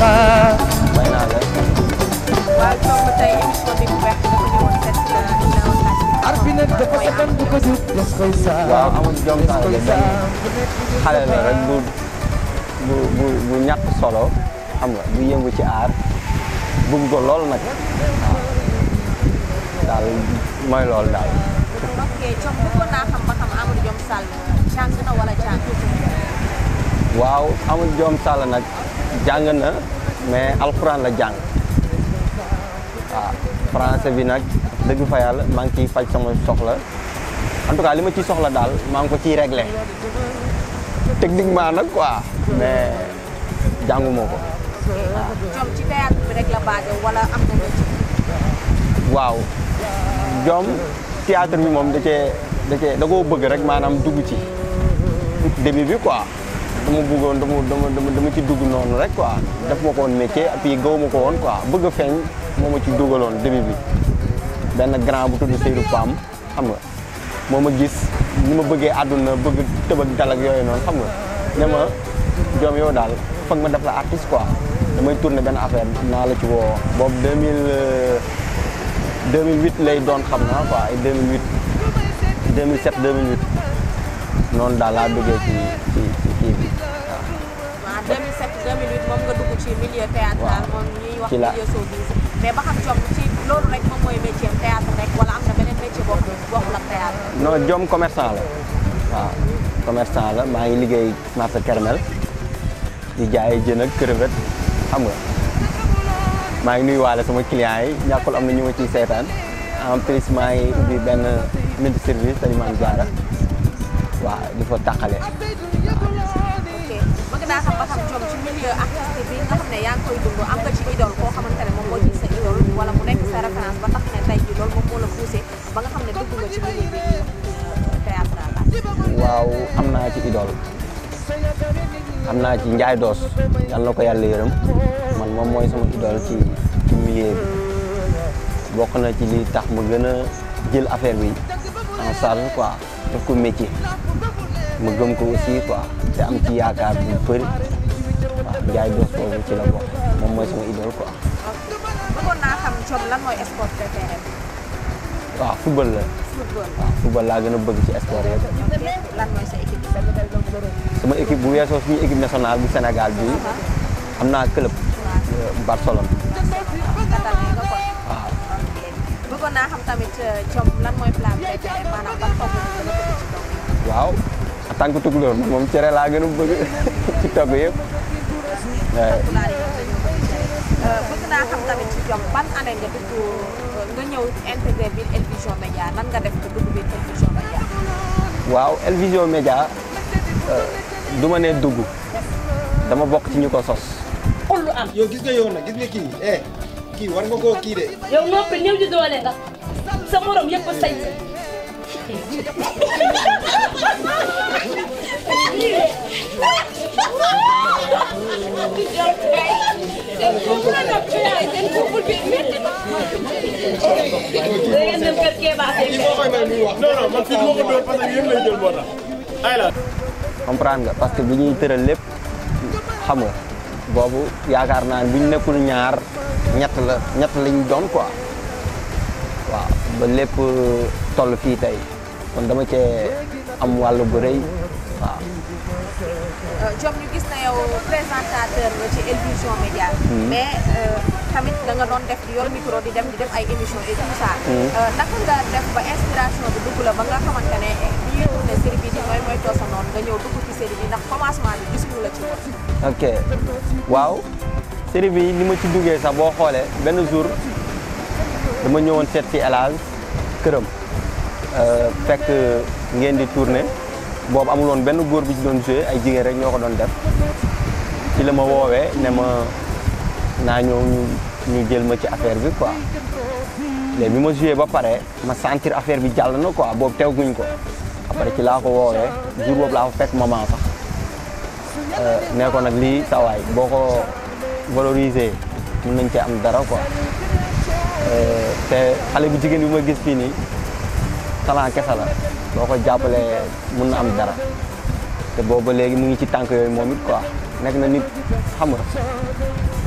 waaw ñoom bi bu baax jom saa bu bu bu solo xam nga bu yëngu ci aar bu ko lool nag waaw daal mooy lool daal. ok Thiam bëggoon naa chance na wala chance. waaw Amadou Diome Sall nag. jàng na mais alxuraan la jàng waaw français bi nag dëgg fa yàlla maa ciy faj sama soxla en tout cas li ma ciy soxla daal maa ko ciy réglé techniquement nag quoi mais jànguma ko waaw. ñoom ci théâtre bi moom da ce da ce da koo bëgg rek maanaam dugg ci début bi quoi. dama bëggoon dama dama dama ci dugg noonu rek ko def ma ko woon métier et puis gaw ma ko woon quoi bëgg a feeñ moo ma ci dugaloon début bi benn grand bu tudd Seydou Pam xam nga moo ma gis ni ma bëggee àdduna bëgg tëb ak dal ak yooyu noonu xam nga ne joom yow daal foog ma def la artiste quoi damay tourner benn affaire naa la ci woo boobu 2000 2008 euh, lay doon xam naa quoi ay 2008 2007 2008 noonu daal laa duggee ci ci milieu théâtral moom ñuy wax milieu showbiz mais ba xam jom ci loolu rek moom mooy métier théâtre rek jom commerçant la waaw commerçant la maa ngi liggéey marché Kermel di jaay jën ak crevette xam nga maa ngi nuy nuyuwaale sama clients yi ñàkkul am na ñu ma ciy seetaan en plus maa ngi ubbi benn multi service Aliou Maam Diarra waaw di Euh, waaw am naa ci idole am naa ci Ndiaye Doos yal ko yàlla yërëm man moom mooy sama idole ci ci milieu bokk na ci li tax ma gën a jël affaire bi en charge quoi ko métier ma gëm ko aussi quoi te am ci yaakaar bu bëri jaay doos boobu ci la bokk moom mooy sama idole quoi. bëggoon naa xam Thione lan mooy sport préféré. waaw football la. football laa gën a bëgg ci sport yëpp. lan mooy sa équipe sama équipe bu weesoo nationale bu Sénégal bi uh-huh. am naa club. Euh, Barcelone. waaw. a euh, bëgg ci togg. moom cere laa gën a bëgg ci togg yëpp. bëgg naa xam tamit ci jom ban année nga dugg nga ñëw intégré biir El Vision nan nga def ko dugg biir El Vision waaw El Vision Média du dugg dama bokk ci ñu ko sos. xullu am. yow gis nga yow kii eh kii war nga koo kii de. yow noppi ñëw ji doole nga sa morom yëpp a sañ. comprendre nga parce que bi ñuy tëral lépp xam nga boobu yaakaar naa bi nekkul ñaar ñett la ñett lañ doon quoi ba toll kon dama am bu ya waaw euh, Diome gis na yow présentateur la ci Elvision Média hmm. mais euh, tamit da doon def di micro di dem di def ay émission et tout ça hmm. euh, naka nga def ba inspiration bi dugg la ba nga xamante bi ñuy tourné série bi di mooy mooy toosa noonu nga ñëw dugg ci série ndax commencement bi gis ci ok waaw série bi ni ma ci duggee sax boo xoolee benn jour dama ñëwoon seet si El këram fekk ngeen di tourné boobu amuloon benn góor bi ci doon joué ay jigéen rek ñoo ko doon def ci la ma woowee ne ma naa ñëw ñu ñu jël ma ci affaire bi quoi léegi bi ma joué ba pare ma sentir affaire bi jàll na quoi boobu teeguñ ko après ci laa ko woowee jour boobu laa ko ma maman sax euh, nee ko nag lii sawaay boo ko valoriser mën nañ cee am dara ko euh, te xale bu jigéen bi ma gis fii nii talent kese la boo ko jàppalee mun na am dara te booba léegi mu ngi ci tànk yooyu moom it quoi nekk na nit xam nga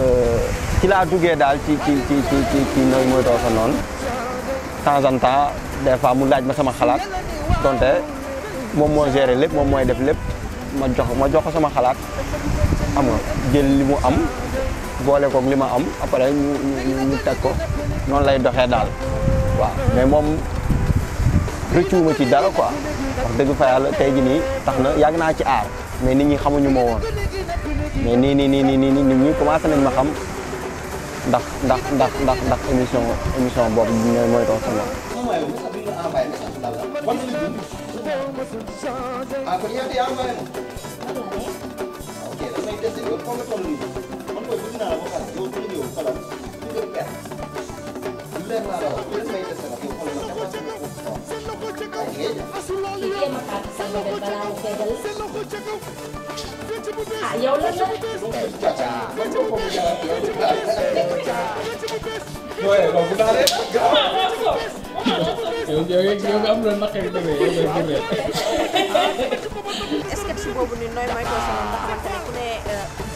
euh, ci laa duggee daal ci ci ci ci ci ci nooy mooy too sa noonu temps en temps des mu laaj ma sama xalaat donte moom moo géré lépp moom mooy def lépp ma jox ma jox ko sama xalaat xam na jël li mu am boole koog li ma am après ñu ñu ñu teg ko noonu lay doxee daal waaw mais moom ma ci dara ko wax dëgg fa yàlla tey ji nii tax na yàgg naa ci aar mais nit ñi xamuñu ma woon mais nii nii nii nii nii nit ñi commencé nañ ma xam ndax ndax ndax ndax ndax émission émission boobu mooy mooy sama. ca kaw asu loolu yow sa loxo ca kaw sa loxo ca kaw fecc bu bees fecc bu bees fecc bu bees fecc bu bees fecc bu am na naqari demee est-ce que ci boobu ni nooy mooy ko sama nga xamante ne ku ne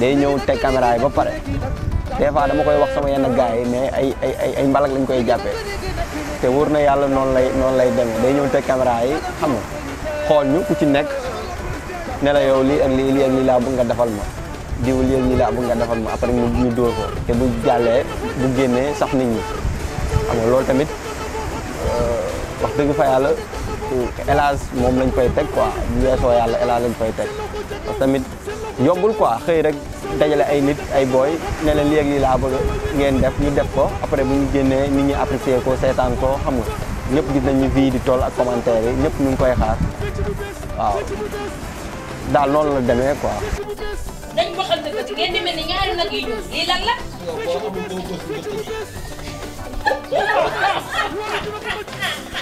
day ñëw teg caméra yi ba pare des fois dama koy wax sama yenn gars yi mais ay ay lañ koy jàppe te wóor na yàlla noonu lay noonu lay deme day ñëw teg caméra yi xam nga xool ñu ku ci nekk ne yow lii ak lii lii ak lii laa bëgg nga defal ma diw lii ak lii laa bëgg nga defal ma après ñu ñu dóor ko te bu jàllee bu génnee sax nit ñi xam nga loolu tamit euh, wax dëgg fa yàlla élage moom lañ koy teg quoi bu weesoo yàlla élage lañ koy teg parce tamit yombul quoi xëy rek dajale ay nit ay booy ne leen léegi lii laa bëgg ngeen def ñu def ko après bu ñu génnee ñu ngi apprécier ko seetaan ko xam nga ñëpp gis nañu vie di toll ak commentaire yi ñëpp ñu ngi koy xaar waaw daal noonu la demee quoi.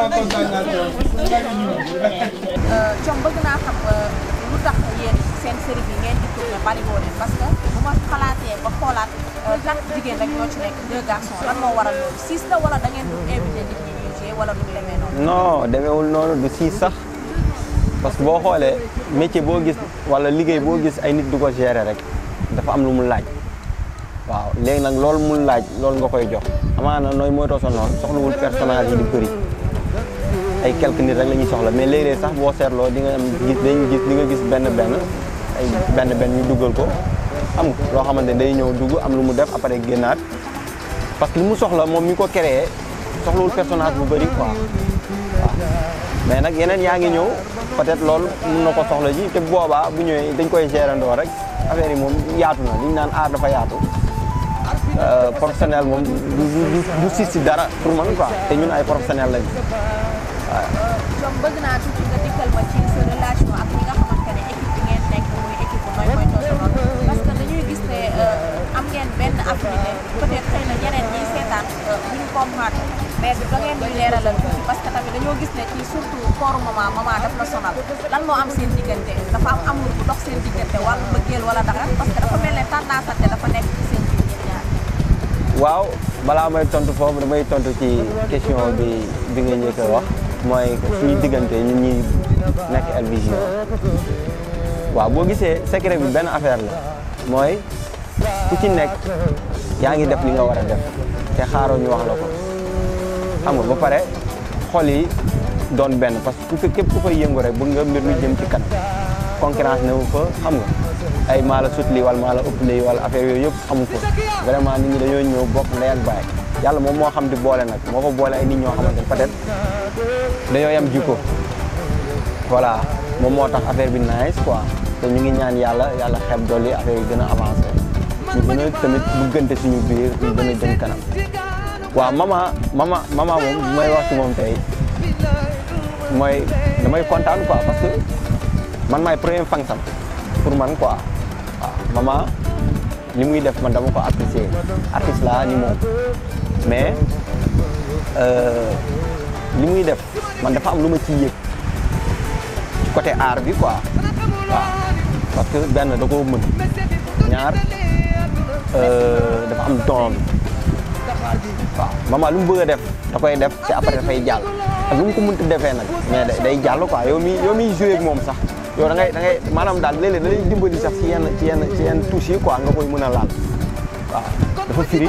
com bëgg naa xam lu tax yéen seen série bi ngeen di tourné bari woo parce que bu xalaatee ba xoolaat quatre jigéen la noonu noonu du six sax parce que boo xoolee métier boo gis wala liggéey boo gis ay nit du ko gérer rek dafa am lu mu laaj waaw léegi nag loolu mu laaj loolu nga koy jox amaana nooy mooy toosa noonu soxlawul personnage yi di bëri ay quelques nit rek la ñuy soxla mais léeg-léeg sax boo seetloo di nga am gis dañu gis nga gis benn benn ay benn benn ñu duggal ko am loo xamante ne day ñëw dugg am lu mu def après génnaat parce que li mu soxla moom ñu ko créé soxlawul personnage bu bëri quoi waaw mais nag yeneen yaa ngi ñëw peut-être loolu mun na ko soxla ji te boobaa bu ñëwee dañ koy gérandoo rek affaire yi moom yaatu na li ñu naan aar dafa yaatu euh, professionnel moom du du du si dara pour man quoi te ñun ay professionnel lañ ñoom bëgg naa tuuti nga dikkal ma ci sa relation ak ñi nga gis ne am na la sonal lan moo am seen diggante dafa am am lu dox seen diggante wàllu mbëggeel wala dara parce dafa mel ne tendance dafa nekk ci seen biir ñoom waaw balaa may tontu foofu damay tontu ci question bi bi nga njëkk a wax. mooy suñu diggante ñun ñuy nekk El Vision waaw boo gisee secret bi benn affaire la mooy ku ci nekk yaa ngi def li nga war a def te xaaroo ñu wax la ko xam nga ba pare xol yi doon benn parce que ku képp ku fay yëngu rek bëgg nga mbir mi jëm ci kan concurrence ne wu fa xam nga ay maa la sut lii maa la ëpp lii wala affaire yooyu yëpp amu ko vraiment nit ñi dañoo ñëw bokk ndey ak baay yalla mom mo xam di boole nak moko ko boole ay nit ñoo xamante ne peut-être dañoo yam jikko voilà mom mo tax affaire bi nice quoi te ñu ngi ñaan yalla yalla xeeb doli affaire yi gëna avancer avancé ñu gën a tamit bëggante suñu biir ñu gëna a jëm kanam wa mama mama mama mom bu may wax ci mom tay moy damay contane quoi parce que man may premier fansam pour man quoi mama ni muy def man dama ko apprécier artiste la ni mom mais euh, li muy def man dafa am lu ma ciy yëg côté art bi quoi waaw parce que benn da koo mën ñaar euh, dafa am don bi waaw maman bëgg def da koy def te après dafay jàll ak lu mu ko mënti defee nag mais day jàll quoi yow mi yow miy moom sax yow da ngay da maanaam daal léeg-léeg da dimbali sax ci yenn ci yenn ci yenn touche yi quoi nga koy mën a laal dafa firi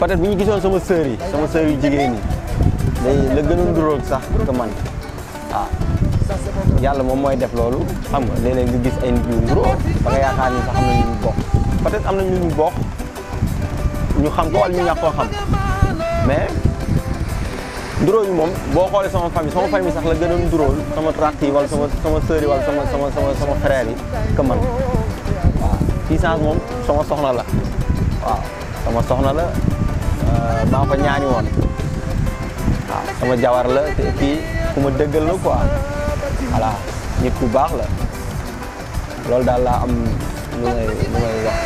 patat être bu sama sœur yi sama sœur yu jigéen yi day la gën a nduroog sax que man ah yalla moom moy def lolu xam nga léeg nga gis ay nit yu nduroo ba nga yaakaar ni sax am na ñu bokk peut-être am na ñu ñu bokk ñu xam ko wal ñu ñako xam mais nduróo ñu mom bo xolé sama famille sama famille sax la gën a sama tracti wal sama sama sœur yi wala sama sama sama sama frère yi que man ah. ki puissance mom sama soxna la waaw ah. sama soxna la Euh, maa ko woon waaw jawar la te kii ku ma dëggal la quoi voilà nit ku baax la loolu daal laa am lu may wax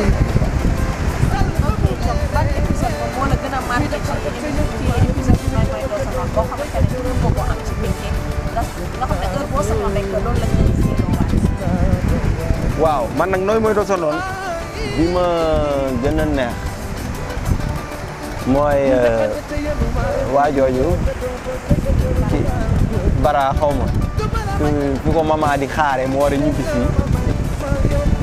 waaw man nag nooy mooy doo sa noonu ma gën a neex moy eh, wajoju ci bara xawma ku ko mama di xare mo wara ñibi ñibbi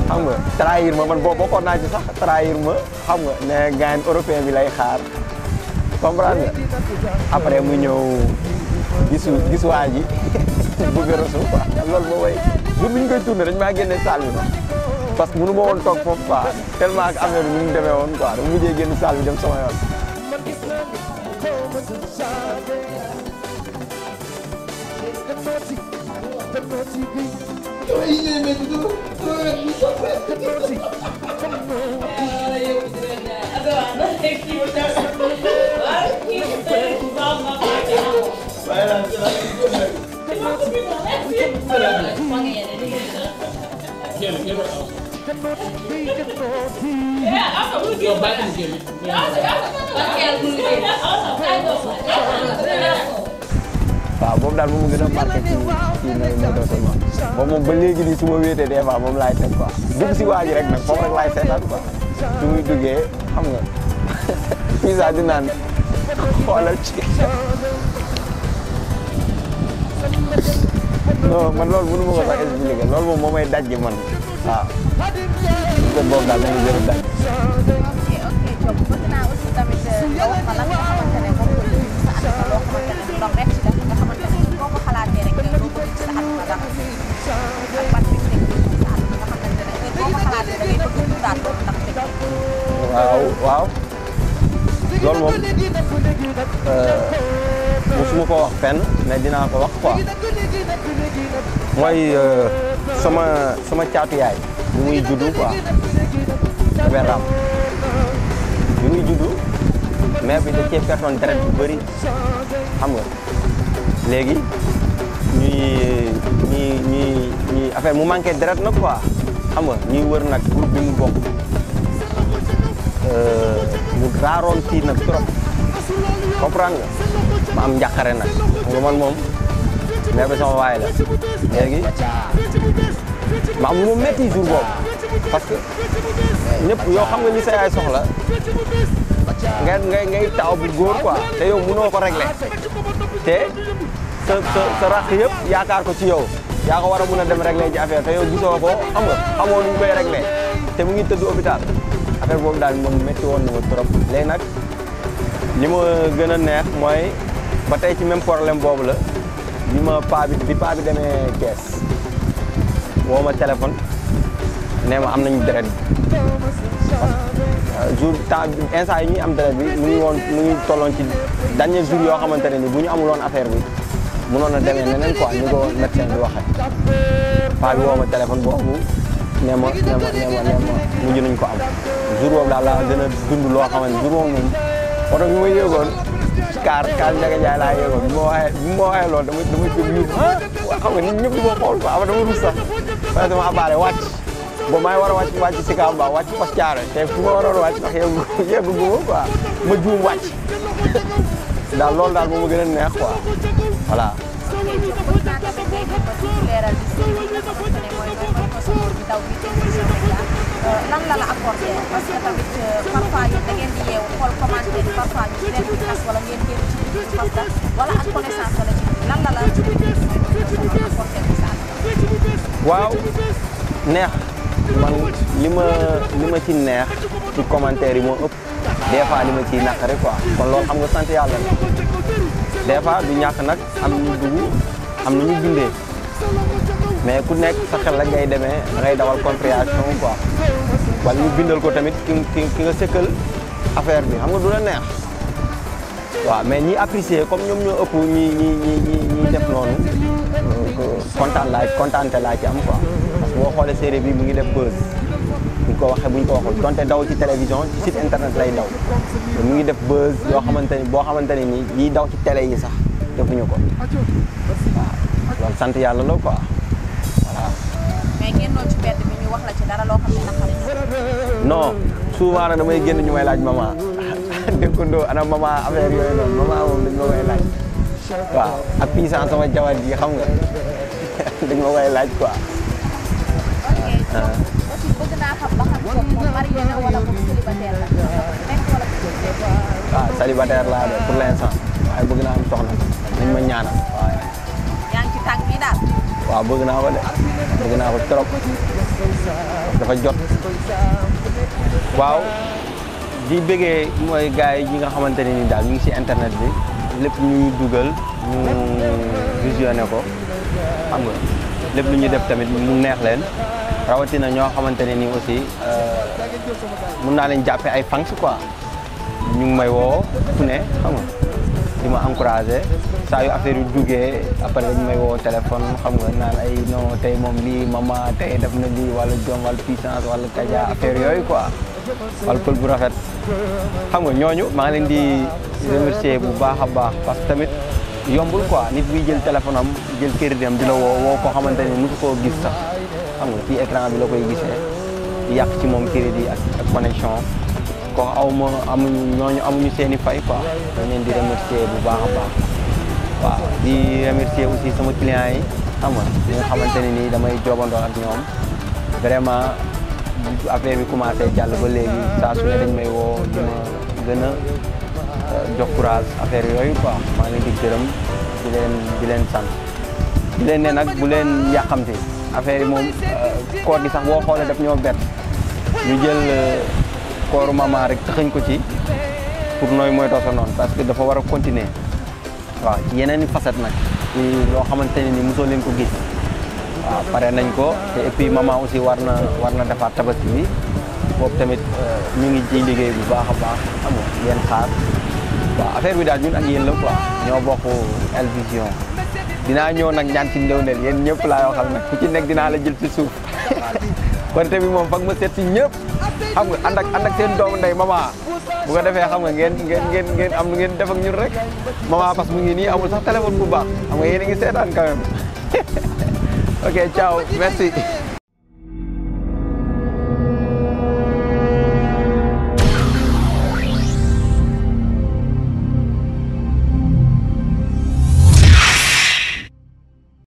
xam nga trahir ma man boo bokkoon naa ci sax trahir ma xam nga ne gaay européen bi lay xaar comprendre après mu ñew gisu gis waa bu bëgg a rasu quoi loolu ma way bu buñ koy tourner dañ ma génne salle bi parce que mënu mo won tok fofu quoi tellement ak affaire bi ni mu demee quoi mu jé génn salle bi dem sama yoon moments of Sunday. the the The the ah, waaw boobu daal moom mu gën a marqué ci ci nawet bi ma boobu moom ba léegi nii su ma wéetee des moom laay teg quoi dugg si waa ji rek nag foofu laay seetaan quoi su muy duggee xam nga Isa di naan xoolal ci. non loolu mënu loolu moom moo may daj man. waaw. kër boobu daal nañu jëriñ daal. ok ok Diop bëgg naa aussi tamit nga wax ma lan nga xamante ne moom nga déglu sa àdduna loo xamante ne ndox rek ci def nga xamante ne boo ko xalaatee rek yow doo ko gis sa àdduna ndax ak ban bi teg sa àdduna nga xamante ne boo ko xalaatee da ngay bëgg a dundaat ko ndax teg waaw waaw. loolu moom euh, mosuma ko wax fenn mais dinaa ko wax quoi mooy. Euh, sama sama cati ay, bunyi judu apa beram bunyi judu saya bisa cek ke orang direct beri kamu lagi ni ni ni ni apa mau mangke direct nak apa kamu ni war nak guru bok eh, mudraron ti nak terus kau perang mam jakarena ngomong-ngomong ne ko sama waay la léegi ma am lu ma métti jour parce que ñëpp yow xam nga li sa yaay soxla ngay ngay ngay taaw bu góor quoi te yow mënoo ko régler te sa rakk yëpp yaakaar ko ci yow yaa ko war a mën a dem régler ci affaire te yow gisoo ko xam nga xamoo nu ñu koy régler te mu ngi tëdd hôpital affaire boobu daal moom métti woon na ma trop léegi nag li ma gën a neex mooy ba tey ci même problème boobu la bi ma paa bi bi paa bi demee kees woo ma téléphone ma am nañu deret bi jour temps instant yi ñuy am deret bi mu ngi tolloon ci dernier jour yoo xamante ne ni bu ñu amuloon affaire bi mënoon a demee neneen quoi ko bi waxee paa bi woo am jour boobu daal laa gën a dund loo xamante jour boobu moom oto bi ma yéegoon kaar kaar Ndiaga Ndiaye laa yeewoo bi ma waxee bi ma waxee loolu dama dama jóg ñu ah xam nga nit ñëpp di ma xool quoi ama dama rus sax parce que dama abaale wàcc ba maa ngi war a wàcc wàcc si Kamba wàcc Fass Thiaré te fu ma waroon wàcc ndax yeggu yeggu gu ma quoi juum wàcc daal loolu daal ma gën a neex quoi voilà. waaw neex man li ma ma ci neex ci commentaire yi moo ëpp des fois li ma ciy naqare quoi kon loolu xam nga sant yàlla la des fois du ñàkk nag am ñu dugg am na ñu dundee mais ku nekk sa xel la ngay demee da ngay dawal compréhension quoi wala ñu bindal ko tamit ki ki nga sëkkal affaire bi xam nga du la neex waaw mais ñi apprécier comme ñoom ñoo ëpp ñi ñi ñi ñi ñi def noonu kontaan laa kontaante laa ci am quoi parce que boo xoolee série bi mu ngi def buzz buñ ko waxee buñ ko waxul donte daw ci télévision ci site internet lay daw mu ngi def buzz yoo xamante ni boo xamante ni nii yiy daw ci tele yi sax defuñu ko waaw sant yàlla la quoi voilà wax la ci dara loo xam na xam génn ñu may laaj maman dëkkandoo ana maman affaire yooyu noonu maman moom dañ ma laaj waaw ak sama jawat ji xam nga dañ ma koy laaj quoi. waaw ah. ah, célibataire laa de pour l'instant waaye bëgg naa am soxna nañ ma ñaanal waaye. yaa ngi ci tànk daal. waaw bëgg ko de bëgg ko trop. Wow, di bëggee mooy gars yi nga si internet bi lépp lu ñu dugal ñu visionné ko xam nga lépp lu ñu def tamit mu neex leen rawatina ñoo xamante ne ni aussi euh, mun naa leen jàppe ay fans quoi ñu may woo fu ne xam nga di ma encouragé sa yu affaire yu duggee après dañ may woo téléphone xam nga naan ay non tey moom lii mama tey def na lii wala jom wala puissance wala kaja affaire yooyu quoi wala pël bu rafet xam nga ñooñu maa ngi leen di remercier bu baax a baax parce que tamit yombul quoi nit buy jël téléphone am jël crédit am di la woo woo koo xamante ne mosu koo gis sax xam nga ci écran bi la koy gisee yàq ci moom crédit ak connexion ko aw ma amuñu ñooñu amuñu seeni fay quoi dañ leen di remercier bu baax baax waaw di remercier aussi e sama client yi xam nga ñi nga xamante ne damay jobando ak ñoom vraiment affaire bi commencé jall ba légui sa su ne dañ may wo di gëna jox courage affaire yooyu quoi ma ngi eh, eh, di gërëm di leen di leen sant di leen ne nak bu leen yàqamte affaire yi moom koor gi sax boo xolé def ñoo bet ñu jël kooru maman rek taxañ ko ci pour nooy mooy doo sa noonu parce que dafa war a continuer waaw ci yeneen i facette nag ci loo xamante ne ni mosoo leen ko gis waaw pare nañ ko te et puis aussi war na war na defaat bi boobu tamit euh, ñu ngi ji liggéey bu baax a baax xam nga yéen xaar waaw affaire bi daal ñun ak yéen la quoi ñoo bokk El dinaa ñëw nag ñaan ci ndewndeel yéen ñëpp laa yoo xam ne ku ci nekk dinaa la jël ci suuf konte bi moom fag ma seet si ñëpp xam nga ànd ak ànd ak seen doomu ndey mama bu ko defee xam nga ngeen ngeen ngeen ngeen am lu ngeen def ak ñun rek mama parce mu ngi nii amul sax téléphone bu baax xam nga yéen a ngi seetaan quand même ok ciao merci